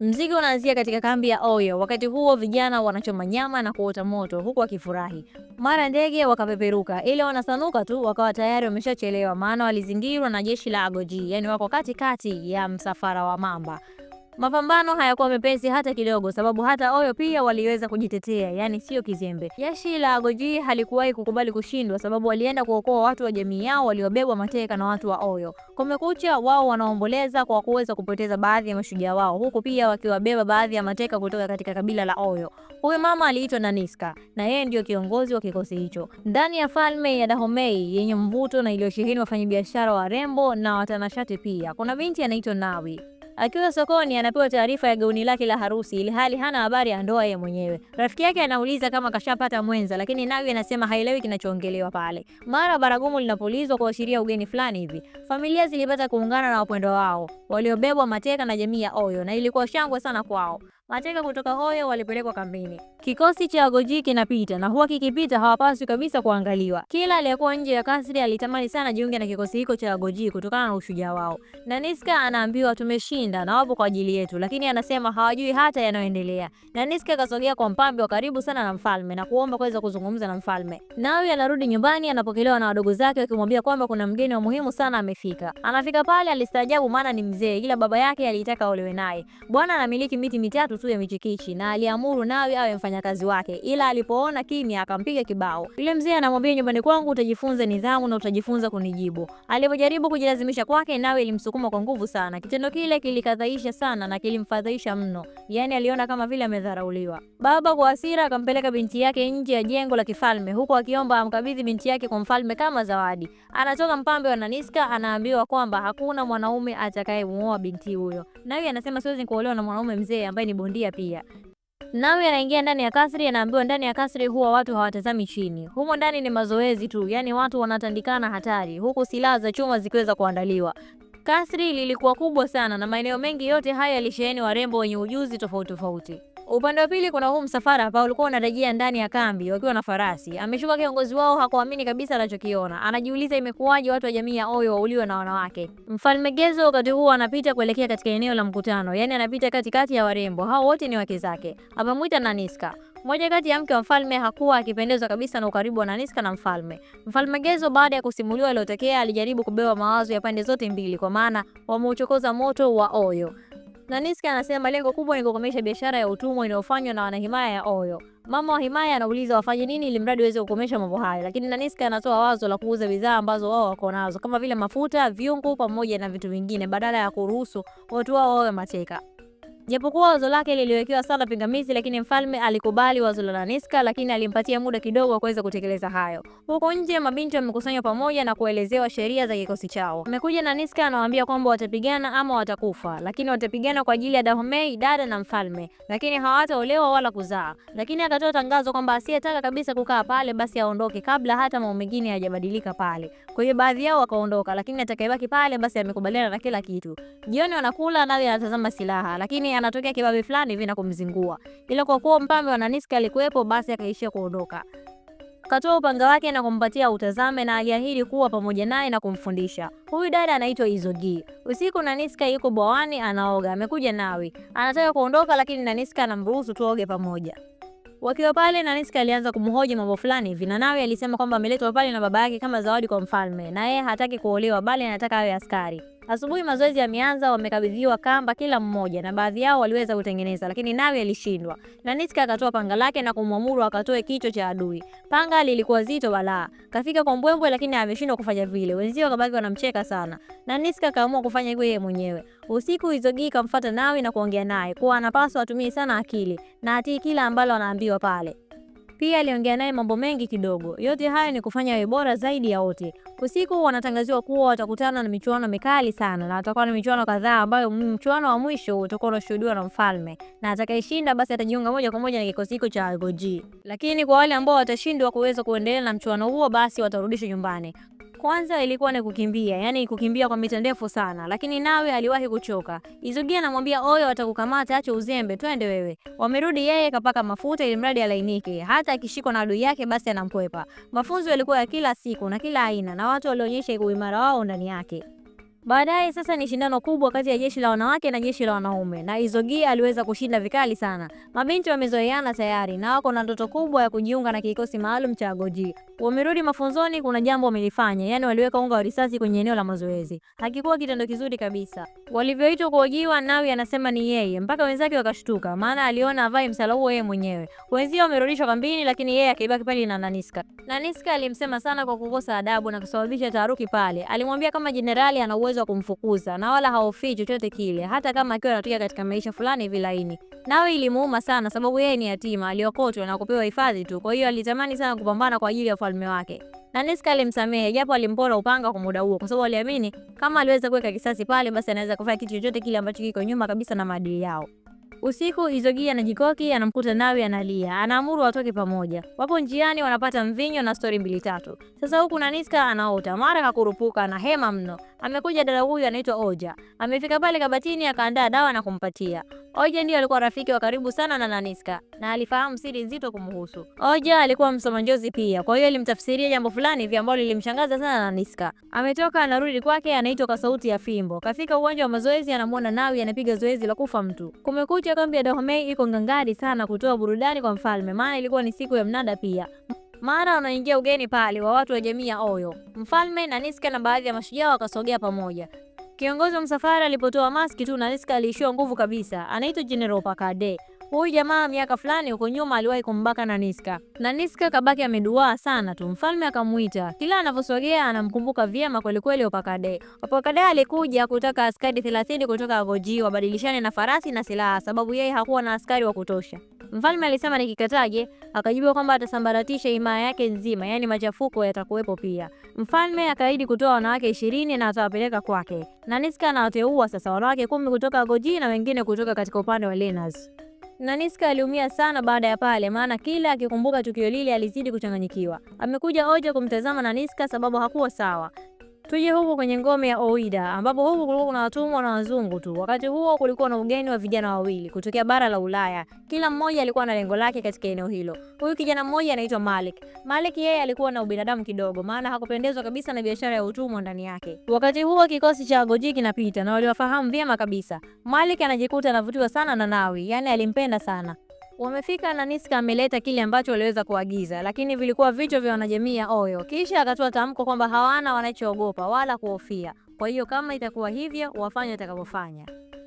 Mzigo unaanzia katika kambi ya Oyo. Wakati huo vijana wanachoma nyama na kuota moto huku wakifurahi. Mara ndege wakapeperuka, ile wanasanuka tu wakawa tayari wameshachelewa, maana walizingirwa na jeshi la Agoji, yaani wako katikati ya msafara wa mamba. Mapambano hayakuwa mepesi hata kidogo, sababu hata Oyo pia waliweza kujitetea, yani sio kizembe. Jeshi la Goji halikuwahi kukubali kushindwa, sababu walienda kuokoa watu wa jamii yao waliobebwa mateka na watu wa Oyo. Kumekucha, wao wanaomboleza kwa kuweza kupoteza baadhi ya mashujaa wao, huku pia wakiwabeba baadhi ya mateka kutoka katika kabila la Oyo. Huyu mama aliitwa Naniska na yeye ndio kiongozi wa kikosi hicho ndani ya falme ya dahomei yenye mvuto na iliyosheheni wafanyabiashara warembo na watanashati. Pia kuna binti anaitwa Nawi Akiwa sokoni anapewa taarifa ya gauni lake la harusi, ili hali hana habari ya ndoa yeye mwenyewe. Rafiki yake anauliza kama kashapata mwenza, lakini Nawi anasema haelewi kinachoongelewa pale. Mara baragumu linapulizwa kuashiria ugeni fulani hivi. Familia zilipata kuungana na wapendwa wao waliobebwa mateka na jamii ya Oyo, na ilikuwa shangwe sana kwao mateka kutoka Oyo walipelekwa kambini. Kikosi cha Agoji kinapita na huwa kikipita hawapaswi kabisa kuangaliwa. Kila aliyekuwa nje ya kasri alitamani sana jiunge na kikosi hiko cha Agoji kutokana na ushujaa wao. Na Niska anaambiwa tumeshinda na wapo kwa ajili yetu, lakini anasema hawajui hata yanayoendelea. Na Niska akasogea kwa mpambe wa karibu sana na mfalme na kuomba kuweza kuzungumza na mfalme. Nao anarudi nyumbani, anapokelewa na wadogo zake wakimwambia kwamba kuna mgeni wa muhimu sana amefika. Anafika pale alistaajabu, maana ni mzee, ila baba yake alitaka aolewe naye. Bwana anamiliki miti mitatu tu ya michikichi na aliamuru nawe awe mfanyakazi wake, ila alipoona kimya akampiga kibao. Yule mzee anamwambia, nyumbani kwangu utajifunza nidhamu na utajifunza kunijibu. Alipojaribu kujilazimisha kwake, nawe ilimsukuma kwa nguvu sana. Kitendo kile kilikadhaisha sana na kilimfadhaisha mno, yaani aliona kama vile amedharauliwa. Baba kwa hasira akampeleka binti yake nje ya jengo la kifalme, huku akiomba amkabidhi binti yake kwa mfalme kama zawadi. Anatoka mpambe wa Naniska, anaambiwa kwamba hakuna mwanaume atakayemuoa binti huyo. nawe anasema siwezi kuolewa na mwanaume mzee ambaye ni bondia pia. Nawe anaingia ndani ya kasri, anaambiwa ndani ya kasri huwa watu hawatazami chini. Humo ndani ni mazoezi tu, yani watu wanatandikana hatari, huku silaha za chuma zikiweza kuandaliwa. Kasri lilikuwa kubwa sana na maeneo mengi yote haya yalisheheni warembo wenye ujuzi tofauti tofauti. Upande wa pili kuna huu msafara ambao ulikuwa unarejea ndani ya kambi wakiwa na farasi. Ameshuka kiongozi wao hakuamini kabisa anachokiona. Anajiuliza imekuwaje watu wa jamii ya Oyo wauliwe na wanawake. Mfalme Gezo wakati huo anapita kuelekea katika eneo la mkutano. Yaani anapita katikati ya warembo. Hao wote ni wake zake. Amemwita Naniska. Mmoja kati ya mke wa mfalme hakuwa akipendezwa kabisa na ukaribu wa Naniska na mfalme. Mfalme Gezo baada ya kusimuliwa yaliyotokea alijaribu kubewa mawazo ya pande zote mbili kwa maana wameuchokoza moto wa Oyo na Niska anasema lengo kubwa ni kukomesha biashara ya utumwa inayofanywa na wanahimaya ya Oyo. Mama wa himaya anauliza wafanye nini ili mradi uweze kukomesha mambo hayo, lakini Naniska anatoa wazo la kuuza bidhaa ambazo wao wako nazo kama vile mafuta, viungo pamoja na vitu vingine badala ya kuruhusu watu wao wawe mateka. Japokuwa wazo lake liliwekewa sana pingamizi, lakini mfalme alikubali wazo la Naniska, lakini alimpatia muda kidogo wa kuweza kutekeleza hayo. Huko nje mabinti wamekusanywa pamoja na kuelezewa sheria za kikosi chao. Amekuja Naniska anawaambia kwamba watapigana ama watakufa, lakini watapigana kwa ajili ya Dahomey, dada na mfalme, lakini hawataolewa wala kuzaa. Lakini akatoa tangazo kwamba asiyetaka kabisa kukaa pale basi aondoke kabla hata mambo mengine hayajabadilika pale. Kwa hiyo baadhi yao wakaondoka, lakini atakayebaki pale basi amekubaliana na kila kitu. Jioni wanakula nadhi anatazama silaha, lakini anatokea kibabe fulani hivi na kumzingua, ila kwa kuwa mpambe wa Nanisi alikuwepo, basi akaishia kuondoka. Katoa upanga wake na kumpatia utazame, na aliahidi kuwa pamoja naye na kumfundisha. Huyu dada anaitwa Izogi. Usiku Naniska yuko bwawani anaoga, amekuja nawi, anataka kuondoka, lakini Naniska anamruhusu tuoge pamoja. Wakiwa pale Naniska alianza kumhoji mambo fulani hivi, na nawe alisema kwamba ameletwa pale na baba yake kama zawadi kwa mfalme, na yeye hataki kuolewa, bali anataka awe askari. Asubuhi mazoezi yameanza, wamekabidhiwa kamba kila mmoja, na baadhi yao waliweza kutengeneza, lakini Nawi alishindwa. Nanitsky akatoa panga lake na kumwamuru akatoe kichwa cha adui. Panga lilikuwa zito balaa, kafika kwa mbwembwe, lakini ameshindwa kufanya vile. Wenzio wakabaki wanamcheka sana, Nanitsky akaamua kufanya hivyo yeye mwenyewe. Usiku Izogi kamfuata Nawi na kuongea naye kuwa anapaswa atumie sana akili na atii kila ambalo anaambiwa pale. Pia aliongea naye mambo mengi kidogo. Yote haya ni kufanya awe bora zaidi ya wote. Usiku wanatangaziwa kuwa watakutana na michuano mikali sana na watakuwa na michuano kadhaa ambayo mchuano wa mwisho utakuwa unashuhudiwa na mfalme. Na atakayeshinda basi atajiunga moja kwa moja na kikosi hicho cha Goji. Lakini kwa wale ambao watashindwa kuweza kuendelea na mchuano huo basi watarudishwa nyumbani. Kwanza ilikuwa ni kukimbia, yani kukimbia kwa mita ndefu sana, lakini nawe aliwahi kuchoka. Izugia anamwambia oyo, watakukamata acha uzembe, twende wewe. Wamerudi, yeye kapaka mafuta ili mradi alainike, hata akishikwa na adui yake basi anamkwepa. Mafunzo yalikuwa ya kila siku na kila aina, na watu walionyesha uimara wao ndani yake. Baadaye sasa ni shindano kubwa kati ya jeshi la wanawake na jeshi la wanaume, na Izogia aliweza kushinda vikali sana. Mabinti wamezoeana tayari na wako na ndoto kubwa ya kujiunga na kikosi maalum cha Goji. Wamerudi mafunzoni, kuna jambo wamelifanya, yani waliweka unga wa risasi kwenye eneo la mazoezi. Hakikuwa kitendo kizuri kabisa. Walivyoitwa kuojiwa, Nawi anasema ni yeye, mpaka wenzake wakashtuka, maana aliona avai msala huo yeye mwenyewe. Wenzio wamerudishwa kambini, lakini yeye akibaki pale na Naniska. Naniska alimsema sana kwa kukosa adabu na kusababisha taharuki pale. Alimwambia kama jenerali ana uwezo wa kumfukuza na wala haofii chochote kile, hata kama akiwa anatokea katika maisha fulani vilaini. Nawe ilimuuma sana, sababu yeye ni yatima, aliokotwa na kupewa hifadhi tu. Kwa hiyo alitamani sana kupambana kwa ajili ya ufalme wake, na Niska alimsamehe japo alimpora upanga kwa muda huo, kwa sababu aliamini kama aliweza kuweka kisasi pale, basi anaweza kufanya kitu chochote kile ambacho kiko nyuma kabisa na maadili yao. Usiku Izogi anajikoki anamkuta Nawi analia, anaamuru watoke pamoja. Wapo njiani wanapata mvinyo na stori mbili tatu. Sasa huku Naniska anaota mara kakurupuka na hema mno. Amekuja dada huyu anaitwa Oja. Amefika pale kabatini akaandaa dawa na kumpatia. Oja ndiye alikuwa rafiki wa karibu sana na Naniska na alifahamu siri nzito kumhusu. Oja alikuwa msoma njozi pia, kwa hiyo alimtafsiria jambo fulani hivi ambalo lilimshangaza sana Naniska. Ametoka anarudi kwake anaitwa kwa sauti ya fimbo. Kafika uwanja wa mazoezi anamuona Nawi anapiga zoezi la kufa mtu. Kumekucha Watu kambi ya Dahomey iko ngangari sana kutoa burudani kwa mfalme, maana ilikuwa ni siku ya mnada pia maana wanaingia ugeni pale wa watu wa jamii ya Oyo. Mfalme na Niska na baadhi ya mashujaa wakasogea pamoja. Kiongozi wa msafara alipotoa maski tu, na Niska aliishiwa nguvu kabisa. Anaitwa General Pakade. Huyu jamaa miaka fulani huko nyuma aliwahi kumbaka na Niska, na Niska kabaki ameduaa sana tu. Mfalme akamuita, kila anavyosogea anamkumbuka vyema kwelikweli Opakade. Opakade alikuja kutaka askari 30 kutoka Avoji wabadilishane na farasi na silaha, sababu yeye hakuwa na askari wa kutosha. Mfalme alisema nikikataje, akajibu kwamba atasambaratisha himaya yake nzima, yani machafuko yatakuwepo pia. Mfalme akaahidi kutoa wanawake ishirini na atawapeleka kwake, na Niska anawateua sasa wanawake kumi kutoka Goji na wengine kutoka katika upande wa Lenas na Niska aliumia sana baada ya pale, maana kila akikumbuka tukio lile alizidi kuchanganyikiwa. Amekuja Oja kumtazama na Niska sababu hakuwa sawa. Tuje huku kwenye ngome ya Oida ambapo huku kulikuwa kuna watumwa na wazungu tu. Wakati huo kulikuwa na ugeni wa vijana wawili kutokea bara la Ulaya. Kila mmoja alikuwa na lengo lake katika eneo hilo. Huyu kijana mmoja anaitwa Malik. Malik yeye alikuwa na ubinadamu kidogo, maana hakupendezwa kabisa na biashara ya utumwa ndani yake. Wakati huo kikosi cha Goji kinapita na waliwafahamu vyema kabisa. Malik anajikuta anavutiwa sana na Nawi, yani alimpenda sana. Wamefika na Niska ameleta kile ambacho waliweza kuagiza, lakini vilikuwa vichwa vya wanajamii Oyo. Kisha akatoa tamko kwamba hawana wanachoogopa wala kuhofia, kwa hiyo kama itakuwa hivyo wafanye atakavyofanya.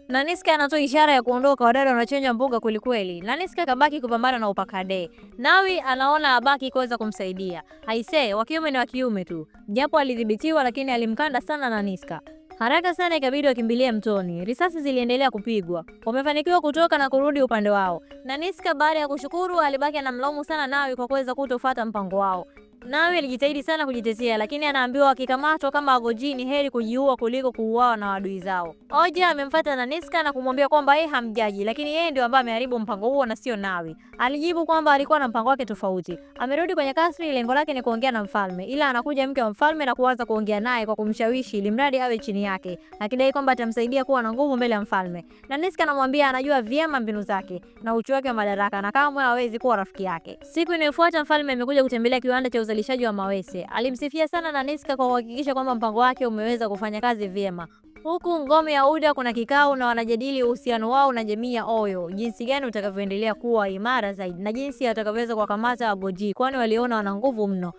Na Niska anatoa ishara ya kuondoka, wadada wanachenja mbuga kwelikweli. Na Niska kabaki kupambana na Upakade. Nawi anaona abaki kuweza kumsaidia. Aisee, wa kiume ni wa kiume tu. Japo alidhibitiwa lakini alimkanda sana na Niska. Haraka sana ikabidi wakimbilie mtoni. Risasi ziliendelea kupigwa, wamefanikiwa kutoka na kurudi upande wao, na Niska baada ya kushukuru alibaki anamlaumu sana Nawi kwa kuweza kutofuata mpango wao. Nawe alijitahidi sana kujitetea, lakini anaambiwa akikamatwa kama wagoji ni heri kujiua kuliko kuuawa na adui zao. Oja amemfuata na Niska na kumwambia kwamba yeye hamjaji, lakini yeye ndio ambaye ameharibu mpango huo na sio Nawi. Alijibu kwamba alikuwa na mpango wake tofauti. Amerudi kwenye kasri, lengo lake ni kuongea na mfalme, ila anakuja mke wa mfalme na kuanza kuongea naye kwa kumshawishi ili mradi awe chini yake, akidai kwamba atamsaidia kuwa na nguvu mbele ya mfalme. Na Niska anamwambia anajua vyema mbinu zake na uchu wake wa madaraka na kama hawezi kuwa rafiki yake. Siku inayofuata mfalme amekuja kutembelea kiwanda cha uzalishaji wa mawese. Alimsifia sana Nanetska kwa kuhakikisha kwamba mpango wake umeweza kufanya kazi vyema. Huku ngome ya UDA kuna kikao na wanajadili uhusiano wao na jamii ya Oyo, jinsi gani utakavyoendelea kuwa imara zaidi na jinsi atakavyoweza kuwakamata Aboji, kwani waliona wana nguvu mno.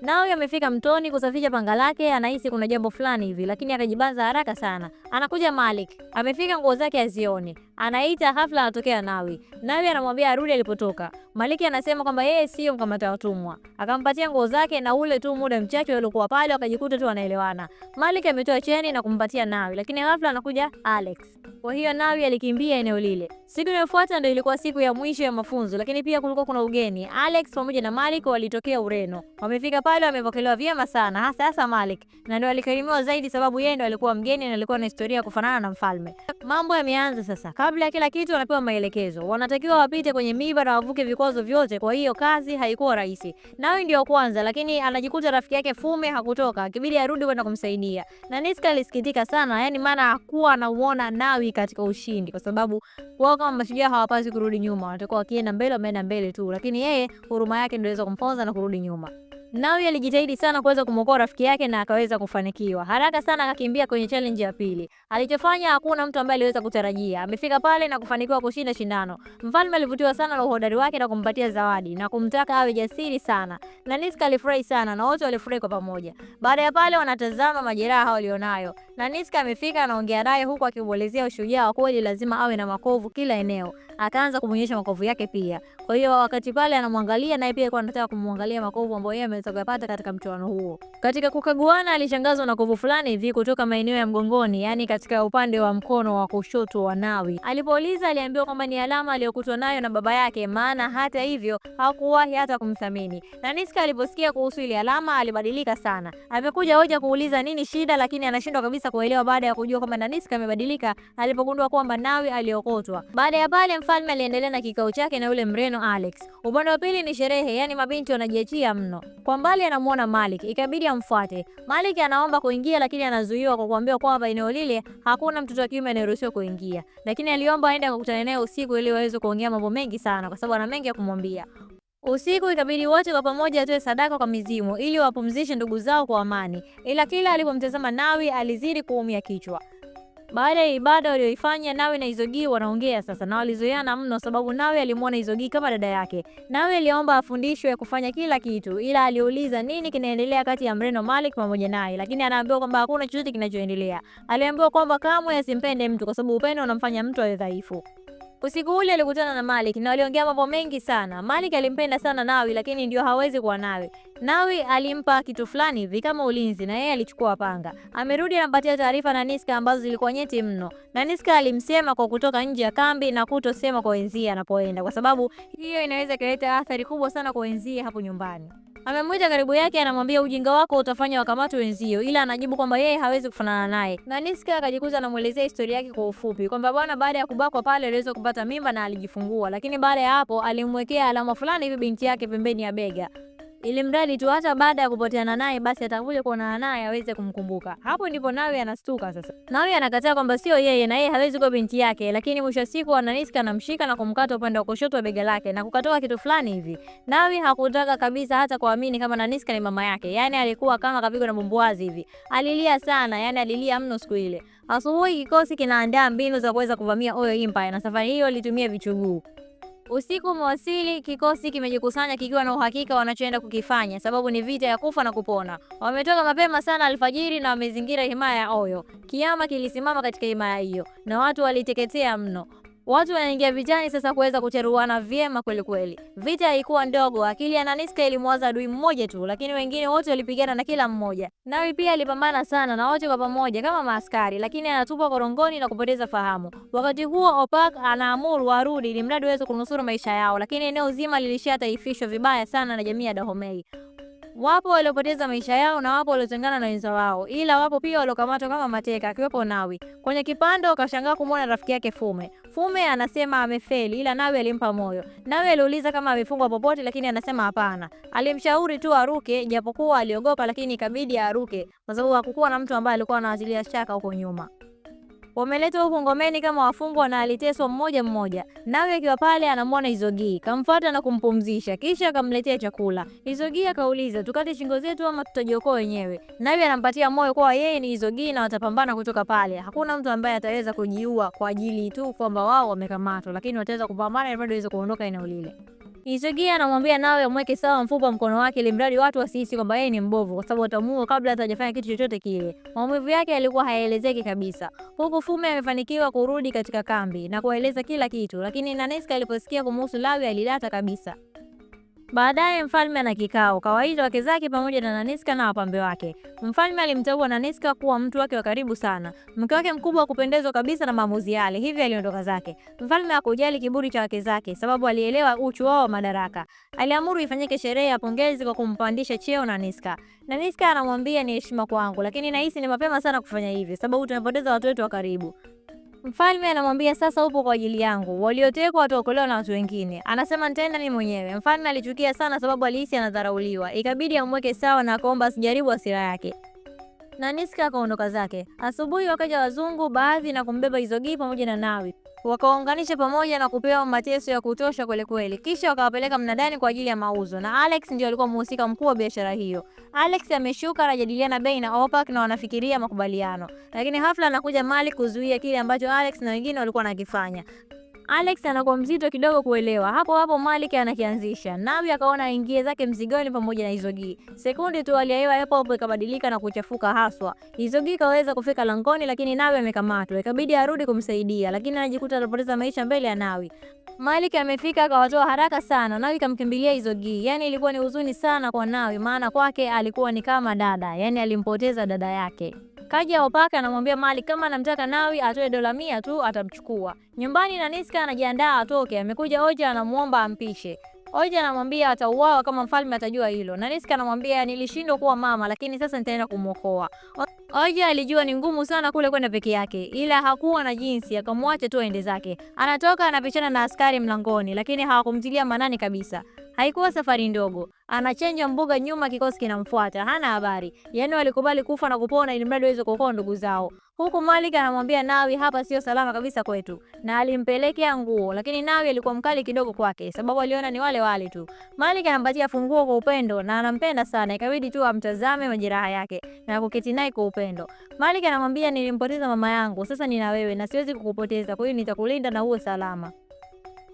Nao yamefika mtoni kusafisha panga lake, anahisi kuna jambo fulani hivi, lakini akajibaza haraka sana. Anakuja Malik, amefika nguo zake azione, anaita hafla, anatokea Nawi. Nawi anamwambia arudi alipotoka. Maliki anasema kwamba yeye sio mkamata watumwa, akampatia nguo zake, na ule tu muda mchache waliokuwa pale wakajikuta tu wanaelewana. Maliki ametoa cheni na kumpatia Nawi, lakini hafla anakuja Alex. Kwa hiyo Nawi alikimbia eneo lile. Siku inayofuata ndio ilikuwa siku ya mwisho ya mafunzo, lakini pia kulikuwa kuna ugeni. Alex pamoja na Malik walitokea Ureno. Wamefika pale wamepokelewa vyema sana, hasa hasa Malik, na ndio alikarimiwa zaidi sababu yeye ndio alikuwa mgeni na alikuwa na historia kufanana na mfalme. Mambo yameanza sasa Kabla ya kila kitu wanapewa maelekezo, wanatakiwa wapite kwenye miba na wavuke vikwazo vyote. Kwa hiyo kazi haikuwa rahisi, nayo ndio kwanza, lakini anajikuta rafiki yake Fume hakutoka, ikibidi arudi kwenda kumsaidia, na Niska alisikitika sana, yani maana hakuwa anauona Nawi katika ushindi, kwa sababu wao kama mashujaa hawapaswi kurudi nyuma, wanatakiwa wakienda mbele, wameenda mbele tu, lakini yeye huruma yake ndio iliweza kumponza na kurudi nyuma. Nawi alijitahidi sana kuweza kumwokoa rafiki yake na akaweza kufanikiwa. Haraka sana akakimbia kwenye challenge ya pili. Alichofanya hakuna mtu ambaye aliweza kutarajia. Amefika pale na kufanikiwa kushinda shindano. Mfalme alivutiwa sana na uhodari wake na kumpatia zawadi na kumtaka awe jasiri sana. Na Niska alifurahi sana na wote walifurahi kwa pamoja. Baada ya pale wanatazama majeraha walionayo. Na Niska amefika anaongea naye huku akimuelezea ushujaa wa kweli lazima awe na makovu kila eneo. Akaanza kumuonyesha makovu yake pia. Kwa hiyo wakati pale anamwangalia naye pia alikuwa anataka kumwangalia makovu ambayo yeye wanaweza kupata katika mchuano huo. Katika kukaguana, alishangazwa na kovu fulani hivi kutoka maeneo ya mgongoni, yani katika upande wa mkono wa kushoto wa Nawi. Alipouliza, aliambiwa kwamba ni alama aliyokutwa nayo na baba yake, maana hata hivyo hakuwahi hata kumthamini. Na Niska aliposikia kuhusu ile alama alibadilika sana. Amekuja hoja kuuliza nini shida, lakini anashindwa kabisa kuelewa baada ya kujua kwamba Niska amebadilika alipogundua kwamba Nawi aliokotwa. Baada ya pale, mfalme aliendelea na kikao chake na yule mreno Alex. Upande wa pili ni sherehe, yani mabinti wanajiachia mno. Kwa kwa mbali anamuona Malik, ikabidi amfuate. Malik anaomba kuingia lakini anazuiwa kwa kuambiwa kwamba eneo lile hakuna mtoto wa kiume anayeruhusiwa kuingia. Lakini aliomba aende akakutane naye usiku ili waweze kuongea mambo mengi sana kwa sababu ana mengi ya kumwambia. Usiku ikabidi wote kwa pamoja watoe sadaka kwa mizimu ili wapumzishe ndugu zao kwa amani. Ila kila alipomtazama Nawi alizidi kuumia kichwa. Baada ya ibada walioifanya Nawe na Izogii wanaongea sasa na walizoeana mno, sababu Nawe alimwona Izogii kama dada yake. Nawe aliomba afundishwe ya kufanya kila kitu, ila aliuliza nini kinaendelea kati ya Mreno Malik pamoja naye, lakini anaambiwa kwamba hakuna chochote kinachoendelea. Aliambiwa kwamba kamwe asimpende mtu kwa sababu upendo unamfanya mtu awe dhaifu. Usiku ule alikutana na Malik na waliongea mambo mengi sana. Malik alimpenda sana Nawi, lakini ndio hawezi kuwa nawe. Nawi alimpa kitu fulani hivi kama ulinzi, na yeye alichukua panga. Amerudi anampatia taarifa na Niska ambazo zilikuwa nyeti mno, na Niska alimsema kwa kutoka nje ya kambi na kutosema kwa wenzie anapoenda, kwa sababu hiyo inaweza kuleta athari kubwa sana kwa wenzie hapo nyumbani. Amemwita karibu yake, anamwambia ujinga wako utafanya wakamatu wenzio, ila anajibu kwamba yeye hawezi kufanana naye. na niska akajikuza, anamwelezea historia yake kwa ufupi kwamba bwana, baada ya kubakwa pale aliweza kupata mimba na alijifungua, lakini baada ya hapo alimwekea alama fulani hivi binti yake pembeni ya bega ili mradi tu hata baada ya kupoteana naye basi atakuja kuonana naye aweze kumkumbuka. Hapo ndipo Nawi anastuka sasa. Nawi anakataa kwamba sio yeye na yeye hawezi kuwa binti yake, lakini mwisho wa siku Ananiska anamshika na kumkata upande wa kushoto wa bega lake na kukatoa kitu fulani hivi. Nawi hakutaka kabisa hata kuamini kama Ananiska ni mama yake, yani alikuwa kama kapigwa na bumbuazi hivi. Alilia sana, yani alilia mno siku ile. Asubuhi kikosi kinaandaa mbinu za kuweza kuvamia Oyo Empire na safari hiyo ilitumia vichuguu. Usiku umewasili, kikosi kimejikusanya kikiwa na uhakika wanachoenda kukifanya, sababu ni vita ya kufa na kupona. Wametoka mapema sana alfajiri na wamezingira himaya ya Oyo. Kiama kilisimama katika himaya hiyo na watu waliteketea mno. Watu wanaingia vitani sasa kuweza kucheruana vyema kweli kweli. Vita haikuwa ndogo, akili ya Naniska ilimwaza adui mmoja tu, lakini wengine wote walipigana na kila mmoja. Nawi pia alipambana sana na wote kwa pamoja kama maaskari, lakini anatupwa korongoni na kupoteza fahamu. Wakati huo Opak anaamuru warudi ili mradi aweze kunusuru maisha yao, lakini eneo zima taifishwa vibaya sana na jamii ya Dahomey. Wapo waliopoteza maisha yao na wapo waliotengana na wenza wao, ila wapo pia waliokamatwa kama mateka, akiwepo Nawi. Kwenye kipando akashangaa kumwona rafiki yake Fume. Fume anasema amefeli, ila Nawi alimpa moyo. Nawi aliuliza kama amefungwa popote, lakini anasema hapana. Alimshauri tu aruke, japokuwa aliogopa, lakini ikabidi aruke kwa sababu hakukuwa na mtu ambaye alikuwa anawazilia shaka huko nyuma wameletwa huko ngomeni kama wafungwa na aliteswa mmoja mmoja. Nawe akiwa pale anamwona Izogii, kamfuata na kumpumzisha, kisha akamletea chakula. Izogii akauliza tukate shingo zetu ama tutajiokoa wenyewe. Nawe anampatia moyo kwa yeye ni Izogii na watapambana kutoka pale. Hakuna mtu ambaye ataweza kujiua kwa ajili tu kwamba wao wamekamatwa, lakini wataweza kupambana ili waweze kuondoka eneo lile. Isogia anamwambia nawe mweke sawa mfupa mkono wake, ili mradi watu wasihisi kwamba yeye ni mbovu, kwa sababu atamuua kabla hata hajafanya kitu chochote kile. Maumivu yake yalikuwa hayaelezeki kabisa, huku Fume amefanikiwa kurudi katika kambi na kuwaeleza kila kitu, lakini Naneska aliposikia kumuhusu Lawi alidata kabisa. Baadaye mfalme ana kikao kawaita wake zake pamoja na Naniska na wapambe wake. Mfalme alimteua Naniska kuwa mtu wake wa karibu sana, mke wake mkubwa wa kupendezwa kabisa na maamuzi yale, hivyo aliondoka zake. Mfalme hakujali kiburi cha wake zake, sababu alielewa uchu wao wa madaraka. Aliamuru ifanyike sherehe ya pongezi kwa kumpandisha cheo Naniska. Naniska anamwambia ni heshima kwangu, lakini nahisi ni mapema sana kufanya hivi, sababu tunapoteza watu wetu wa karibu. Mfalme anamwambia sasa, upo kwa ajili yangu, waliotekwa wataokolewa na watu wengine. Anasema nitaenda mimi mwenyewe. Mfalme alichukia sana, sababu alihisi anadharauliwa. Ikabidi amweke sawa na akaomba asijaribu hasira yake na Niska akaondoka zake. Asubuhi wakaja wazungu baadhi na kumbeba Izogi pamoja na Nawi wakaunganisha pamoja na kupewa mateso ya kutosha kweli kweli, kisha wakawapeleka mnadani kwa ajili ya mauzo, na Alex ndio alikuwa mhusika mkuu wa biashara hiyo. Alex ameshuka, anajadiliana bei na Opak na wanafikiria makubaliano, lakini hafla anakuja Malik kuzuia kile ambacho Alex na wengine walikuwa wanakifanya. Alex anakuwa mzito kidogo kuelewa. Hapo hapo Malik anakianzisha. Nabi akaona aingie zake mzigoni pamoja na Izogi. Sekunde tu aliyewa hapo hapo ikabadilika na kuchafuka haswa. Izogi kaweza kufika langoni lakini Nabi amekamatwa. Ikabidi arudi kumsaidia lakini anajikuta anapoteza maisha mbele ya Nabi. Malik amefika akawatoa haraka sana. Nawi kamkimbilia Izogi. Yaani ilikuwa ni huzuni sana kwa Nawi maana kwake alikuwa ni kama dada. Yaani alimpoteza dada yake. Kaja Opaka anamwambia Mali kama anamtaka Nawi atoe dola mia tu atamchukua. Nyumbani na Niska anajiandaa atoke, amekuja Oja anamuomba ampishe. Oja anamwambia atauawa kama mfalme atajua hilo. Na Niska anamwambia nilishindwa kuwa mama, lakini sasa nitaenda kumwokoa. Oja alijua ni ngumu sana kule kwenda peke yake, ila hakuwa na jinsi, akamwacha tu aende zake. Anatoka anapishana na askari mlangoni, lakini hawakumtilia manani kabisa. Haikuwa safari ndogo, Anachenja mbuga nyuma, kikosi kinamfuata, hana habari. Yani walikubali kufa na kupona ili mradi waweze kuokoa ndugu zao, huku Malik anamwambia Nawi, hapa sio salama kabisa kwetu, na alimpelekea nguo, lakini Nawi alikuwa mkali kidogo kwake, sababu aliona ni wale wale tu. Malik anampatia funguo kwa upendo na anampenda sana, ikabidi tu amtazame majeraha yake na kuketi naye kwa upendo. Malik anamwambia nilimpoteza mama yangu, sasa nina wewe na siwezi kukupoteza, kwa hiyo nitakulinda na uwe salama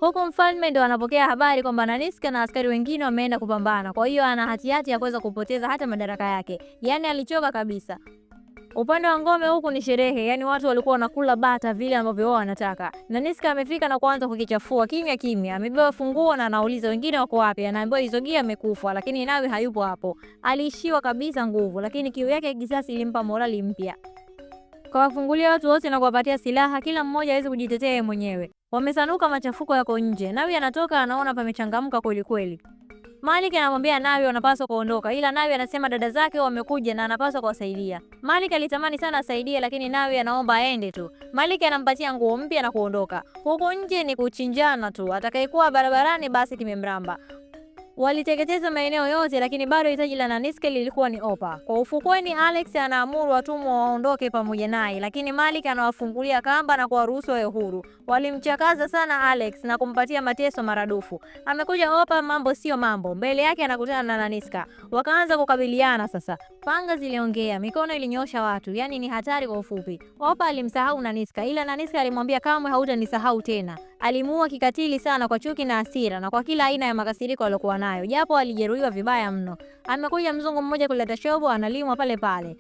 huku mfalme ndo anapokea habari kwamba Naniska na askari wengine wameenda kupambana, kwa hiyo ana hatihati ya kuweza kupoteza hata madaraka yake, yaani alichoka kabisa. Upande wa ngome huku ni sherehe, yani watu walikuwa wanakula bata vile ambavyo wao wanataka. Naniska amefika na kuanza kukichafua kimya kimya. Amebeba funguo na anauliza wengine wako wapi, anaambiwa Izogia amekufa, lakini Nawi hayupo hapo. Aliishiwa kabisa nguvu, lakini kiu yake ya kisasi ilimpa morali mpya. Kawafungulia watu wote na kuwapatia silaha, kila mmoja aweze kujitetea yeye mwenyewe. Wamesanuka, machafuko yako nje. Nawi anatoka anaona pamechangamka kweli kweli. Malik anamwambia Nawi wanapaswa kuondoka, ila Nawi anasema dada zake wamekuja na anapaswa kuwasaidia. Malik alitamani sana asaidie, lakini Nawi anaomba aende tu. Malik anampatia nguo mpya na kuondoka. Huko nje ni kuchinjana tu, atakayekuwa barabarani basi kimemramba waliteketeza maeneo yote, lakini bado hitaji la Naniske lilikuwa ni opa. Kwa ufukweni, Alex anaamuru watumwa waondoke pamoja naye, lakini Malik anawafungulia kamba na kuwaruhusu wawe huru. Walimchakaza sana Alex na kumpatia mateso maradufu. Amekuja opa, mambo sio mambo. Mbele yake anakutana na Naniska, wakaanza kukabiliana sasa. Panga ziliongea, mikono ilinyosha watu, yani ni hatari. Kwa ufupi, opa alimsahau Naniska, ila Naniska alimwambia kamwe hautanisahau tena alimuua kikatili sana kwa chuki na hasira na kwa kila aina ya makasiriko aliyokuwa nayo, japo alijeruhiwa vibaya mno. Amekuja mzungu mmoja kuleta shobo, analimwa pale pale.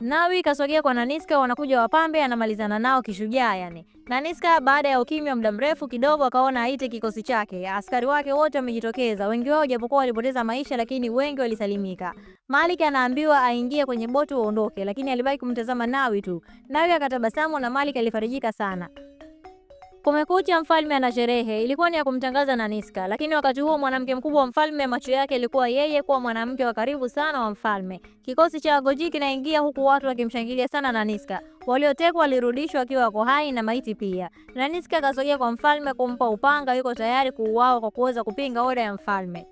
Nawi kasogea kwa Naniska, wanakuja wapambe, anamalizana nao kishujaa yani. Naniska baada ya ukimya muda mrefu kidogo akaona aite kikosi chake. Askari wake wote wamejitokeza, wengi wao japokuwa walipoteza maisha, lakini wengi walisalimika. Malik anaambiwa aingie kwenye boti waondoke, lakini alibaki kumtazama Nawi tu. Nawi akatabasamu na Malik alifarijika sana. Kumekucha, mfalme ana sherehe. Ilikuwa ni ya kumtangaza Naniska, lakini wakati huo mwanamke mkubwa wa mfalme macho yake ilikuwa yeye kuwa mwanamke wa karibu sana wa mfalme. Kikosi cha Agoji kinaingia huku watu wakimshangilia sana Naniska. Waliotekwa walirudishwa wakiwa wako hai na maiti pia. Naniska akasogea kwa mfalme kumpa upanga, yuko tayari kuuawa kwa kuweza kupinga oda ya mfalme.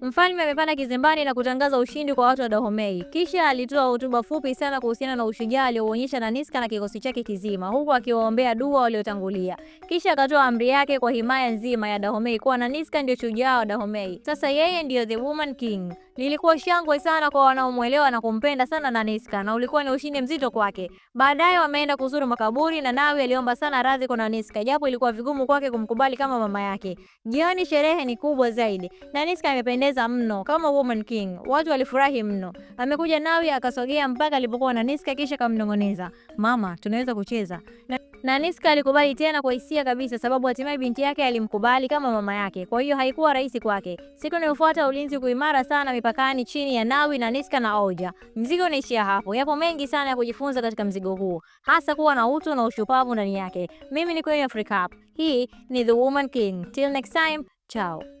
Mfalme amepanda kizimbani na kutangaza ushindi kwa watu wa dahomei Kisha alitoa hotuba fupi sana kuhusiana na ushujaa aliouonyesha na Niska na kikosi chake kizima, huku akiwaombea dua waliotangulia. Kisha akatoa amri yake kwa himaya nzima ya dahomei kuwa na Niska ndio shujaa wa dahomei Sasa yeye ndio the woman king. Lilikuwa shangwe sana kwa wanaomwelewa na kumpenda sana Nanetska na ulikuwa ni ushindi mzito kwake. Baadaye wameenda kuzuru makaburi na Nawi aliomba sana radhi kwa Nanetska, japo ilikuwa vigumu kwake kumkubali kama mama yake. Jioni sherehe ni kubwa zaidi. Nanetska amependeza mno kama woman king. Watu walifurahi mno. Amekuja Nawi akasogea mpaka alipokuwa Nanetska kisha kamnong'oneza, "Mama, tunaweza kucheza." Na na Niska alikubali tena kwa hisia kabisa, sababu hatimaye binti yake alimkubali kama mama yake. Kwa hiyo haikuwa rahisi kwake. Siku inayofuata ulinzi kuimara sana mipakani chini ya Nawi na Niska na Oja. Mzigo unaishia hapo. Yapo mengi sana ya kujifunza katika mzigo huu, hasa kuwa na utu na ushupavu ndani yake. Mimi ni kwenye Africa Cup. Hii ni The Woman King. Till next time, ciao.